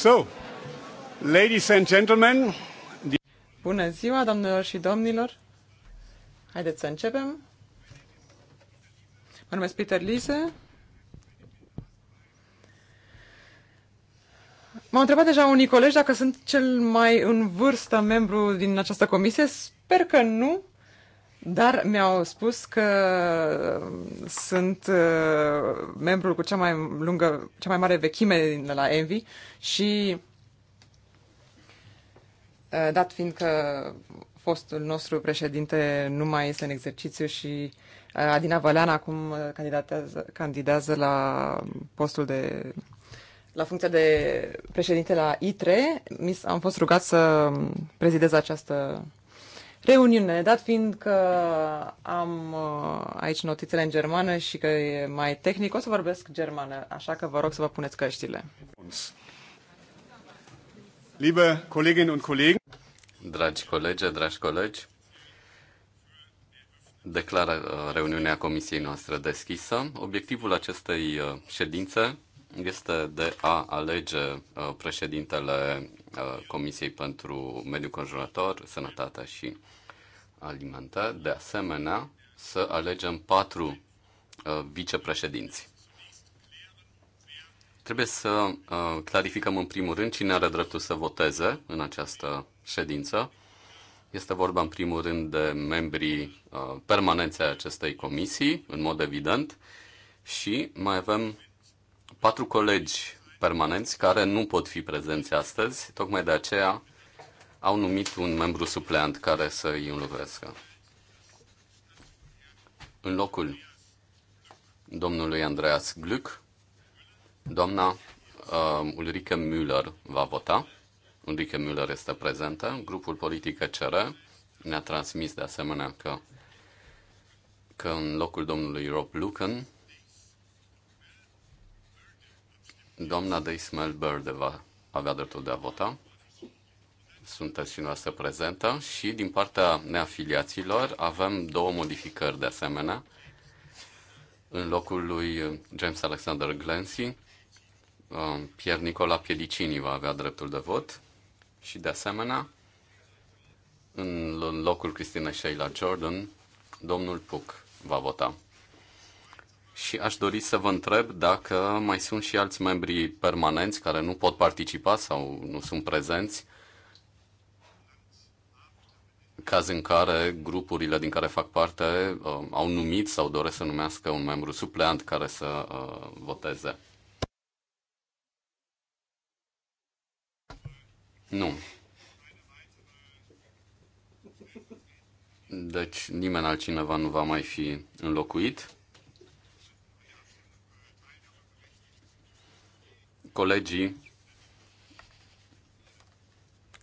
So, ladies and gentlemen. Bună ziua, doamnelor și domnilor. Haideți să începem. Mă numesc Peter Lise. M-au întrebat deja unii colegi dacă sunt cel mai în vârstă membru din această comisie. Sper că nu, dar mi-au spus că uh, sunt uh, membrul cu cea mai lungă, cea mai mare vechime de la Envy și uh, dat fiind că fostul nostru președinte nu mai este în exercițiu și uh, Adina Vălean acum uh, candidatează, candidează la postul de la funcția de președinte la ITRE, am fost rugat să prezidez această reuniune, dat fiind că am uh, aici notițele în germană și că e mai tehnic, o să vorbesc germană, așa că vă rog să vă puneți căștile. Liebe Kolleginnen und Kollegen, dragi colegi, dragi colegi, declară uh, reuniunea comisiei noastre deschisă. Obiectivul acestei uh, ședințe este de a alege președintele Comisiei pentru Mediul Conjurător, Sănătatea și alimente, de asemenea, să alegem patru uh, vicepreședinți. Trebuie să uh, clarificăm în primul rând cine are dreptul să voteze în această ședință. Este vorba în primul rând de membrii uh, permanenți ai acestei comisii, în mod evident, și mai avem patru colegi permanenți care nu pot fi prezenți astăzi. Tocmai de aceea au numit un membru supleant care să îi înlocuiască. În locul domnului Andreas Gluck, doamna uh, Ulrike Müller va vota. Ulrike Müller este prezentă. Grupul politic CR ne-a transmis de asemenea că, că în locul domnului Rob Lucan, doamna Deismel Berde va avea dreptul de a vota sunteți și noastră prezentă și din partea neafiliaților avem două modificări de asemenea. În locul lui James Alexander Glancy, um, Pier Nicola Piedicini va avea dreptul de vot și de asemenea în locul Cristina Sheila Jordan, domnul Puc va vota. Și aș dori să vă întreb dacă mai sunt și alți membri permanenți care nu pot participa sau nu sunt prezenți caz în care grupurile din care fac parte uh, au numit sau doresc să numească un membru supleant care să uh, voteze. Nu. Deci nimeni altcineva nu va mai fi înlocuit. Colegii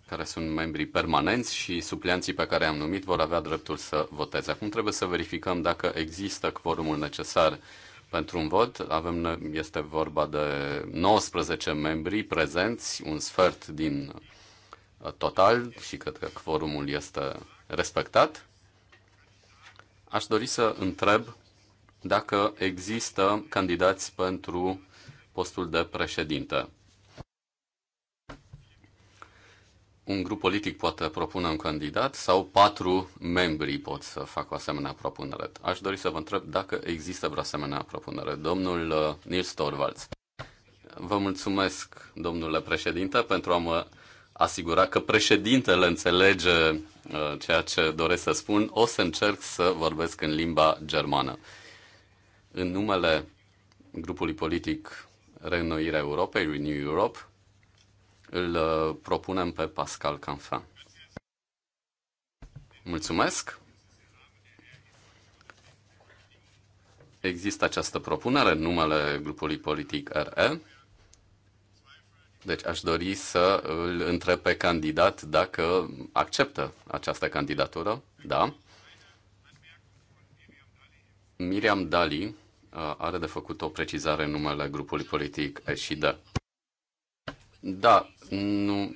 care sunt membrii permanenți și suplianții pe care am numit vor avea dreptul să voteze. Acum trebuie să verificăm dacă există quorumul necesar pentru un vot. Avem, este vorba de 19 membri prezenți, un sfert din uh, total și cred că quorumul este respectat. Aș dori să întreb dacă există candidați pentru postul de președinte. un grup politic poate propune un candidat sau patru membri pot să facă o asemenea propunere. Aș dori să vă întreb dacă există vreo asemenea propunere. Domnul uh, Nils Torvalds. Vă mulțumesc, domnule președinte, pentru a mă asigura că președintele înțelege uh, ceea ce doresc să spun. O să încerc să vorbesc în limba germană. În numele grupului politic Renoirea Europei, Renew Europe, îl uh, propunem pe Pascal Canfan. Mulțumesc! Există această propunere în numele grupului politic RE. Deci aș dori să îl întreb pe candidat dacă acceptă această candidatură. Da. Miriam Dali uh, are de făcut o precizare în numele grupului politic SID. Da, nu,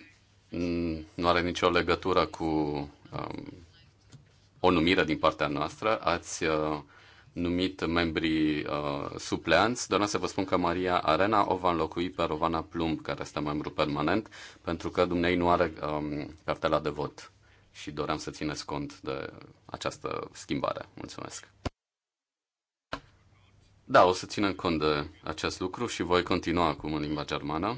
nu are nicio legătură cu um, o numire din partea noastră. Ați uh, numit membrii uh, supleanți. Doar să vă spun că Maria Arena o va înlocui pe Rovana Plumb, care este membru permanent, pentru că dumnei nu are um, cartela de vot și doream să țineți cont de această schimbare. Mulțumesc! Da, o să ținem cont de acest lucru și voi continua acum în limba germană.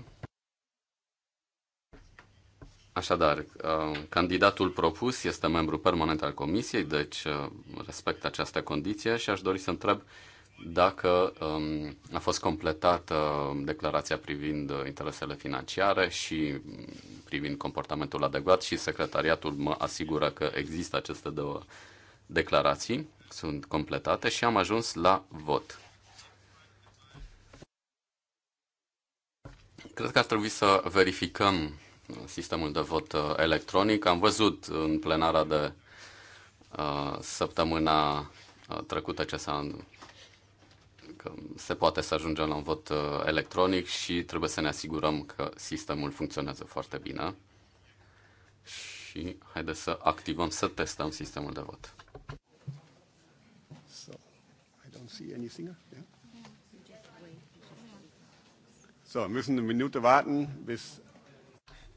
Așadar, uh, candidatul propus este membru permanent al comisiei, deci uh, respectă această condiție și aș dori să întreb dacă um, a fost completată declarația privind interesele financiare și mm, privind comportamentul adecvat și secretariatul mă asigură că există aceste două declarații, sunt completate și am ajuns la vot. Cred că ar trebui să verificăm sistemul de vot uh, electronic. Am văzut în plenara de uh, săptămâna uh, trecută ce s-a că se poate să ajungem la un vot electronic și trebuie să ne asigurăm că sistemul funcționează foarte bine. Și haideți să activăm, să testăm sistemul de vot. So, I don't see anything. Yeah? So, müssen eine Minute warten, bis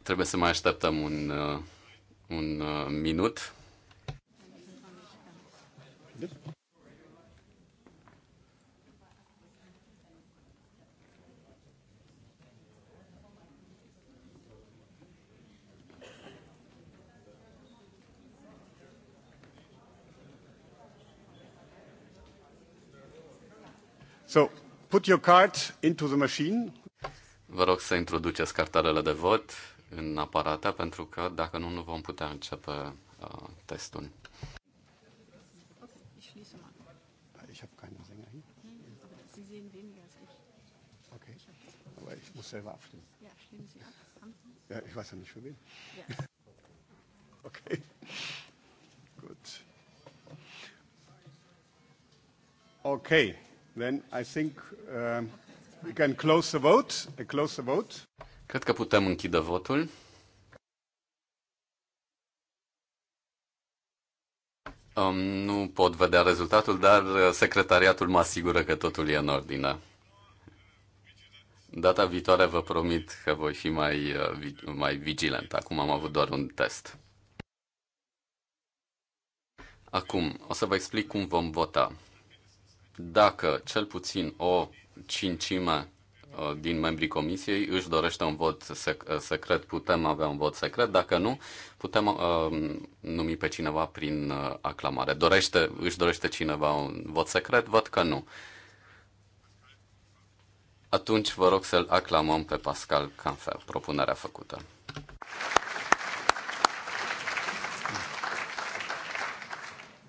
Trebuie să mai așteptăm un, uh, un uh, minut. So, put your card into the machine. Vă rog să introduceți cartelele de vot în aparate, pentru că dacă nu, nu vom putea începe uh, testul. Ich habe keine Sänger hier. Sie sehen weniger als ich. Okay, aber ich muss selber abstimmen. Ja, stimmen Sie ab. Ja, ich weiß ja nicht für wen. Ja. Okay, gut. Okay, then I think uh, we can close the vote. I uh, close the vote. Cred că putem închide votul. Um, nu pot vedea rezultatul, dar secretariatul mă asigură că totul e în ordine. Data viitoare vă promit că voi fi mai, uh, mai vigilent. Acum am avut doar un test. Acum, o să vă explic cum vom vota. Dacă cel puțin o cincime Uh, din membrii comisiei își dorește un vot sec- uh, secret, putem avea un vot secret, dacă nu, putem uh, numi pe cineva prin uh, aclamare. Dorește, își dorește cineva un vot secret? Văd că nu. Atunci vă rog să-l aclamăm pe Pascal Canfer, propunerea făcută.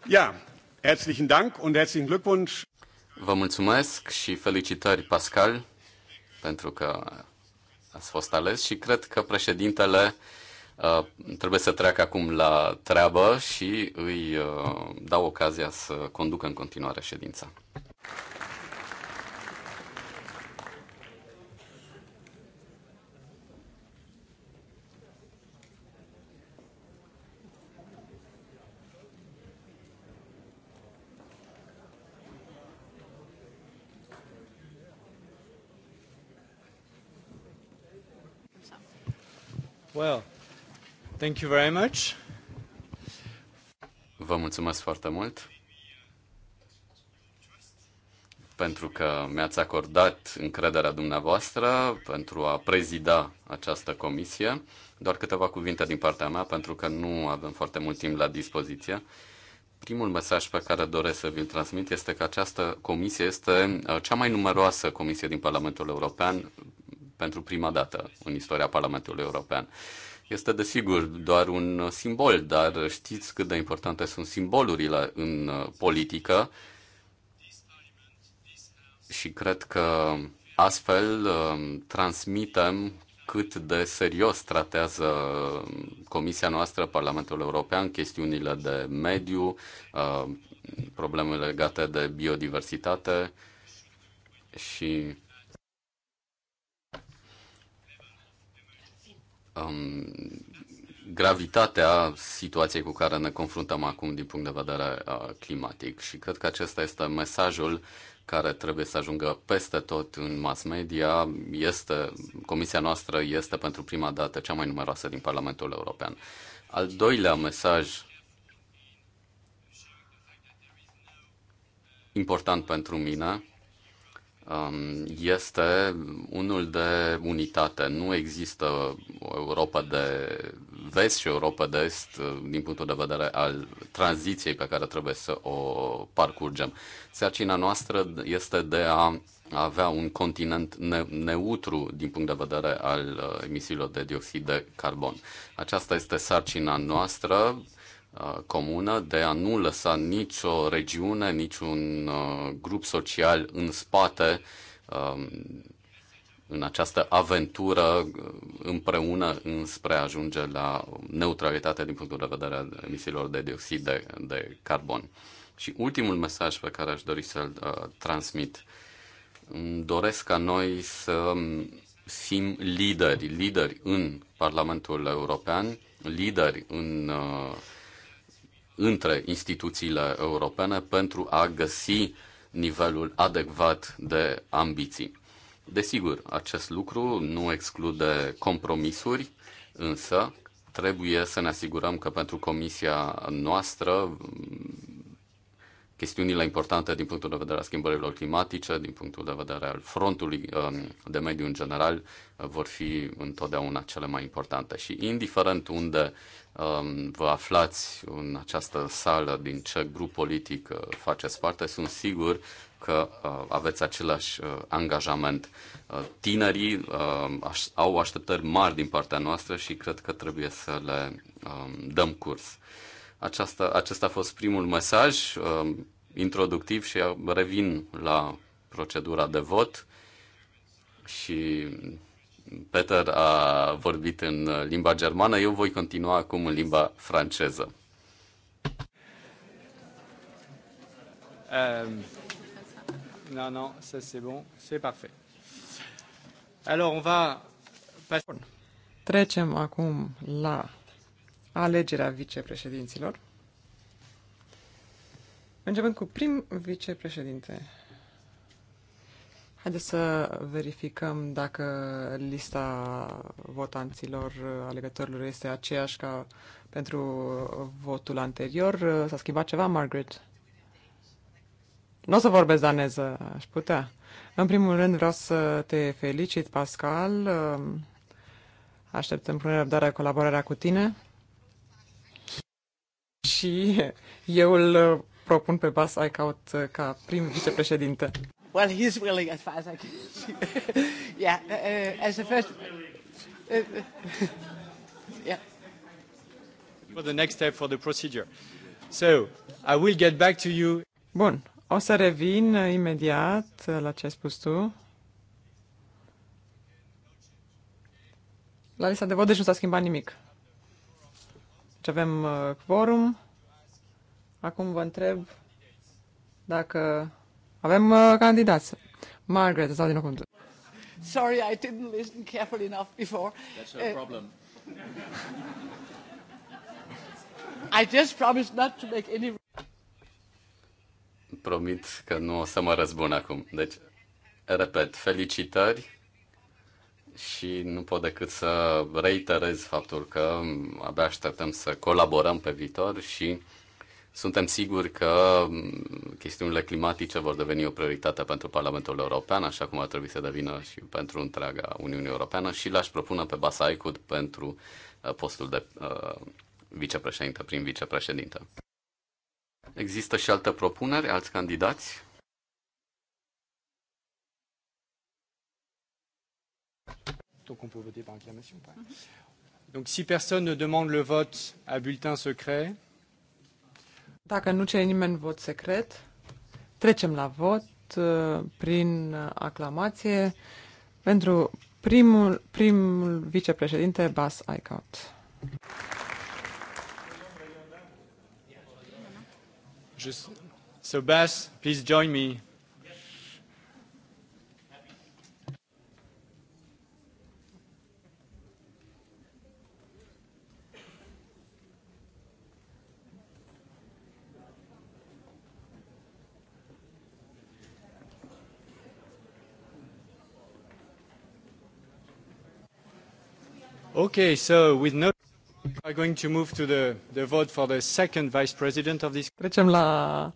Ja, herzlichen Dank und herzlichen Glückwunsch. Vă mulțumesc și felicitări, Pascal pentru că ați fost ales și cred că președintele uh, trebuie să treacă acum la treabă și îi uh, dau ocazia să conducă în continuare ședința. Well, thank you very much. Vă mulțumesc foarte mult pentru că mi-ați acordat încrederea dumneavoastră pentru a prezida această comisie. Doar câteva cuvinte din partea mea, pentru că nu avem foarte mult timp la dispoziție. Primul mesaj pe care doresc să vi-l transmit este că această comisie este uh, cea mai numeroasă comisie din Parlamentul European pentru prima dată în istoria Parlamentului European. Este desigur doar un simbol, dar știți cât de importante sunt simbolurile în uh, politică și cred că astfel um, transmitem cât de serios tratează um, Comisia noastră, Parlamentul European, chestiunile de mediu, uh, probleme legate de biodiversitate și um, gravitatea situației cu care ne confruntăm acum din punct de vedere uh, climatic și cred că acesta este mesajul care trebuie să ajungă peste tot în mass media. Este, comisia noastră este pentru prima dată cea mai numeroasă din Parlamentul European. Al doilea mesaj important pentru mine Um, este unul de unitate. Nu există o Europa de vest și Europa de est uh, din punctul de vedere al tranziției pe care trebuie să o parcurgem. Sarcina noastră este de a avea un continent ne- neutru din punct de vedere al uh, emisiilor de dioxid de carbon. Aceasta este sarcina noastră Uh, comună de a nu lăsa nicio regiune, niciun uh, grup social în spate um, în această aventură uh, împreună înspre a ajunge la neutralitate din punctul de vedere al emisiilor de dioxid de, de carbon. Și ultimul mesaj pe care aș dori să-l uh, transmit. Îmi doresc ca noi să um, fim lideri, lideri în Parlamentul European, lideri în uh, între instituțiile europene pentru a găsi nivelul adecvat de ambiții. Desigur, acest lucru nu exclude compromisuri, însă trebuie să ne asigurăm că pentru comisia noastră chestiunile importante din punctul de vedere al schimbărilor climatice, din punctul de vedere al frontului um, de mediu în general, uh, vor fi întotdeauna cele mai importante. Și indiferent unde um, vă aflați în această sală, din ce grup politic uh, faceți parte, sunt sigur că uh, aveți același angajament. Tinerii um, au așteptări mari din partea noastră și cred că trebuie să le dăm curs. Aceasta, acesta a fost primul mesaj uh, introductiv și revin la procedura de vot și Peter a vorbit în limba germană, eu voi continua acum în limba franceză. nu, ehm, non, non, ça c'est bon, c'est parfait. Alors on va passer... Trecem acum la alegerea vicepreședinților. Începând cu prim vicepreședinte. Haideți să verificăm dacă lista votanților, alegătorilor, este aceeași ca pentru votul anterior. S-a schimbat ceva, Margaret? Nu o să vorbesc daneză, aș putea. În primul rând vreau să te felicit, Pascal. Așteptăm punerea dar colaborarea cu tine și eu îl uh, propun pe Bas Aicaut uh, ca prim vicepreședinte. Well, he's willing as far as I can see. yeah, uh, uh as the first... Uh, yeah. For the next step for the procedure. So, I will get back to you. Bun, o să revin imediat la ce ai spus tu. La lista de vot deci nu s-a schimbat nimic. Deci avem quorum. Acum vă întreb dacă avem uh, candidați. Margaret, îți din nou Sorry, I didn't listen carefully enough before. That's no uh, problem. I just promised not to make any... Promit că nu o să mă răzbun acum. Deci, repet, felicitări și nu pot decât să reiterez faptul că abia așteptăm să colaborăm pe viitor și suntem siguri că chestiunile climatice vor deveni o prioritate pentru Parlamentul European, așa cum ar trebui să devină și pentru întreaga Uniune Europeană și l-aș propune pe Basaicud pentru uh, postul de uh, vicepreședinte, prim vicepreședinte. Există și alte propuneri, alți candidați? Donc si personne ne demande le vote à bulletin secret, dacă nu cere nimeni vot secret, trecem la vot uh, prin aclamație pentru primul, primul vicepreședinte Bas Eichhout. So Bas, please join me Okay, so with no are going to move to the, the vote for the second vice president of this. Trecem la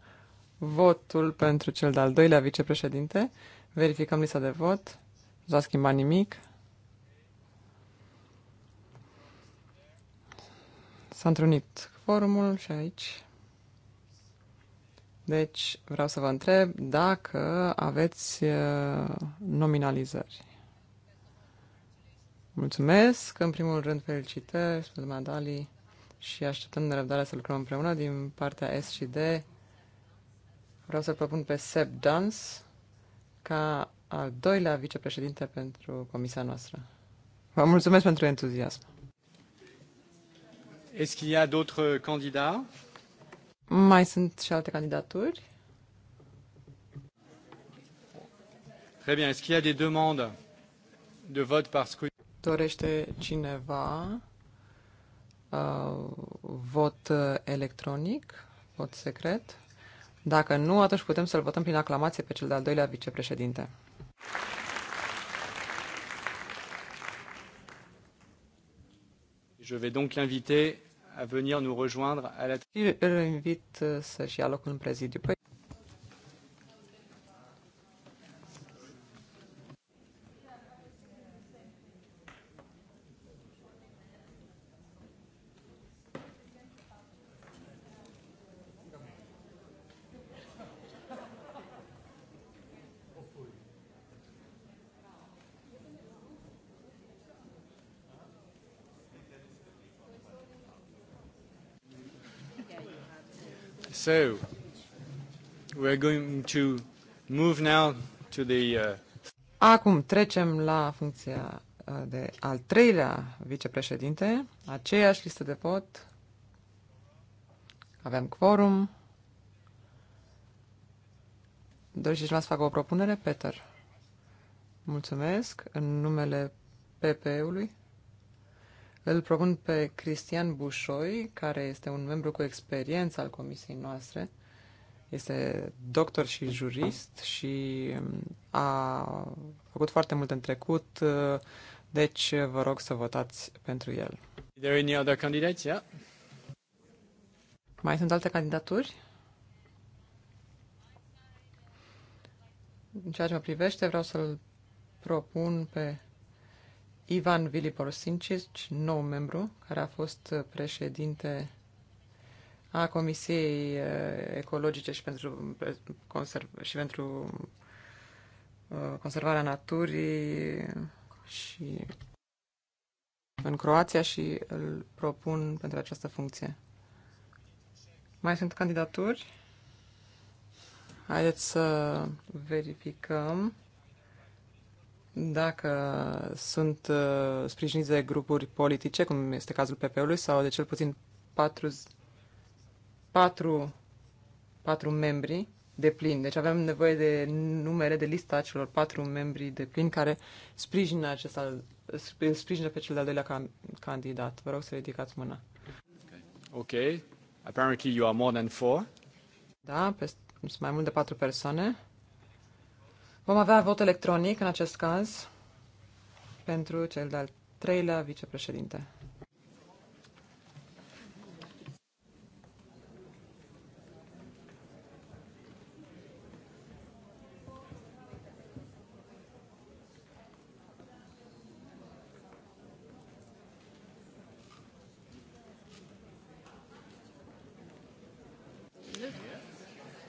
votul pentru cel de-al doilea vicepreședinte. Verificăm lista de vot. Nu s-a schimbat nimic. S-a întrunit forumul și aici. Deci vreau să vă întreb dacă aveți uh, nominalizări. Mulțumesc, în primul rând felicitări, spune Madali, și așteptăm nerăbdarea să lucrăm împreună din partea S și D. Vreau să-l propun pe Seb Dans ca al doilea vicepreședinte pentru comisia noastră. Vă mulțumesc pentru entuziasm. Est-ce qu'il y a d'autres candidats? Mai sunt și alte candidaturi? Très bien. Est-ce qu'il y a des demandes de vote par scrutin? Dorește cineva uh, vot electronic, vot secret? Dacă nu, atunci putem să-l votăm prin aclamație pe cel de-al doilea vicepreședinte. Je vais donc l'inviter à venir nous rejoindre à la... Îl invit să-și ia locul în prezidiu. Păi... So, we're going to move now to the... Uh... Acum trecem la funcția uh, de al treilea vicepreședinte, aceeași listă de vot. Avem quorum. Doriți să fac o propunere, Peter? Mulțumesc. În numele PP-ului. Îl propun pe Cristian Bușoi, care este un membru cu experiență al comisiei noastre. Este doctor și jurist și um, a făcut foarte mult în trecut, uh, deci uh, vă rog să votați pentru el. There any other candidates? Yeah. Mai sunt alte candidaturi? În ceea ce mă privește, vreau să-l propun pe Ivan Vilipor Sincic, nou membru, care a fost președinte a Comisiei eh, Ecologice și pentru, conserv- și pentru eh, conservarea naturii și în Croația și îl propun pentru această funcție. Mai sunt candidaturi? Haideți să verificăm dacă sunt uh, sprijiniți de grupuri politice, cum este cazul PP-ului, sau de cel puțin patru, patru, patru membri de plin. Deci avem nevoie de numere de lista celor patru membri de plin care sprijină, acest al, sprijină pe cel de-al doilea can, candidat. Vă rog să ridicați mâna. Ok. Apparently you are more than four. Da, pe, sunt mai mult de patru persoane. Vom avea vot electronic în acest caz pentru cel de-al treilea vicepreședinte.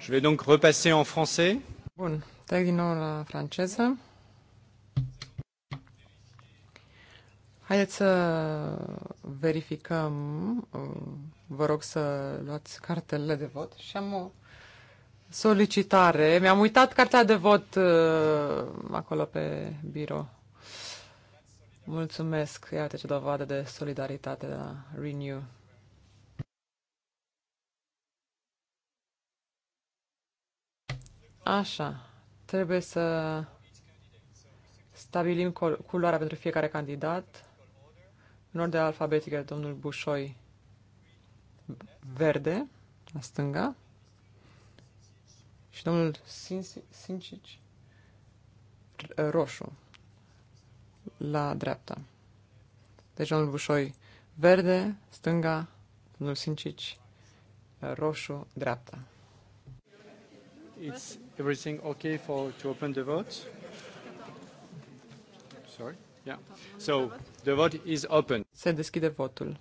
Je vais donc repasser en français. Bun, Trec din nou la franceză. Haideți să verificăm. Vă rog să luați cartele de vot. Și am o solicitare. Mi-am uitat cartea de vot uh, acolo pe birou. Mulțumesc. Iată ce dovadă de solidaritate de la Renew. Așa. Trebuie să stabilim culoarea pentru fiecare candidat. În ordine alfabetică, domnul Bușoi verde, la stânga, și domnul Sincici roșu, la dreapta. Deci domnul Bușoi verde, stânga, domnul Sincici roșu, dreapta. It's Everything okay for to open the vote? Sorry. Yeah. So the vote is open. Se deschide votul.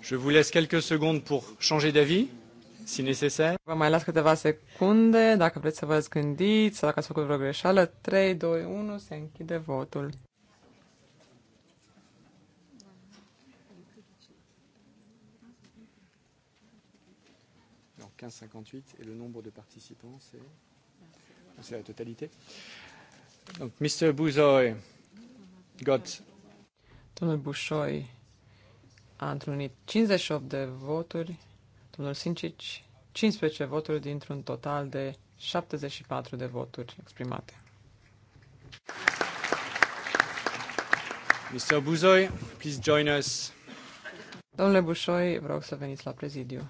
Je vous laisse quelques secondes pour changer d'avis si necesar. Vă mai las câteva secunde, dacă vreți să vă gândiți sau dacă ați făcut vreo greșeală. 3, 2, 1, se închide votul. Alors 15,58 et le nombre de participants, c'est la totalité. Donc Mr. Bouzoy got Domnul Bușoi a întrunit 58 de voturi Domnul Sincic, 15 voturi dintr-un total de 74 de voturi exprimate. Mr. Buzoi, please join us. Domnule Bușoi, vreau să veniți la prezidiu.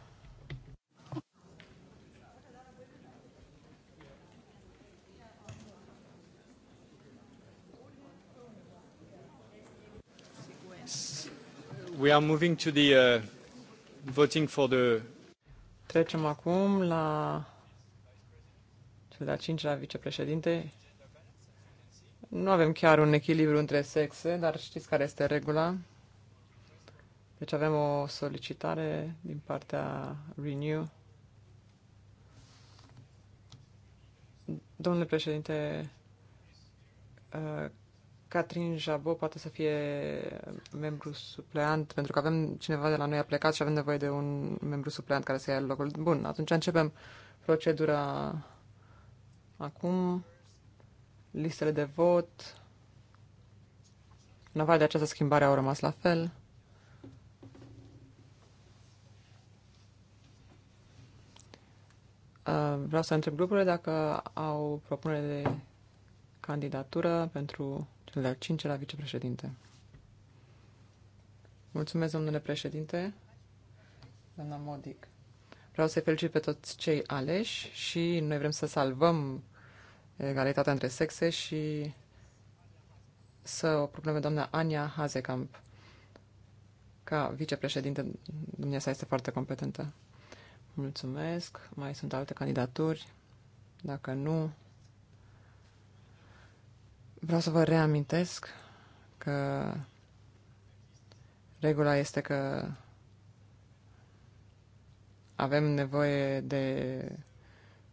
We are moving to the uh, voting for the Trecem acum la cel de-al cincilea vicepreședinte. Nu avem chiar un echilibru între sexe, dar știți care este regula. Deci avem o solicitare din partea Renew. Domnule președinte, Catrin Jabot poate să fie membru supleant, pentru că avem cineva de la noi a plecat și avem nevoie de un membru supleant care să ia locul. Bun, atunci începem procedura acum. Listele de vot. În aval de această schimbare au rămas la fel. Uh, vreau să întreb grupurile dacă au propunere de candidatură pentru cel de-al cincelea vicepreședinte. Mulțumesc, domnule președinte, doamna Modic. Vreau să-i felicit pe toți cei aleși și noi vrem să salvăm egalitatea între sexe și să o propunem doamna Ania Hazekamp ca vicepreședinte. Dumneavoastră este foarte competentă. Mulțumesc. Mai sunt alte candidaturi? Dacă nu, Vreau să vă reamintesc că regula este că avem nevoie de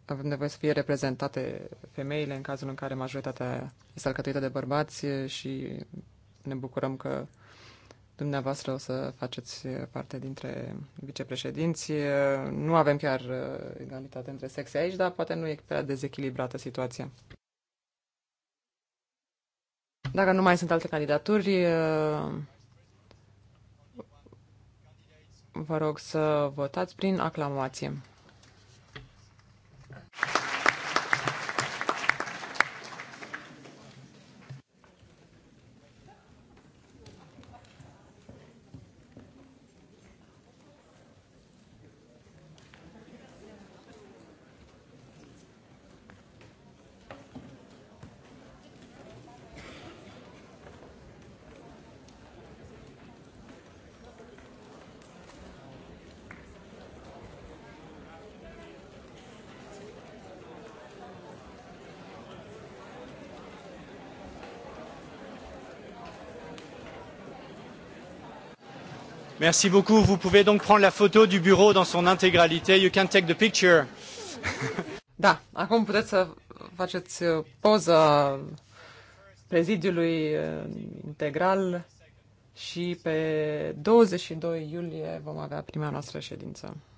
avem nevoie să fie reprezentate femeile în cazul în care majoritatea este alcătuită de bărbați și ne bucurăm că dumneavoastră o să faceți parte dintre vicepreședinți. Nu avem chiar uh, egalitate între sexe aici, dar poate nu e prea dezechilibrată situația. Dacă nu mai sunt alte candidaturi, uh, vă rog să votați prin aclamație. Merci beaucoup. Vous pouvez donc prendre la photo du bureau dans son intégralité. You can take the picture. da, acum puteți să faceți uh, poză prezidiului uh, integral și pe 22 iulie vom avea prima noastră ședință.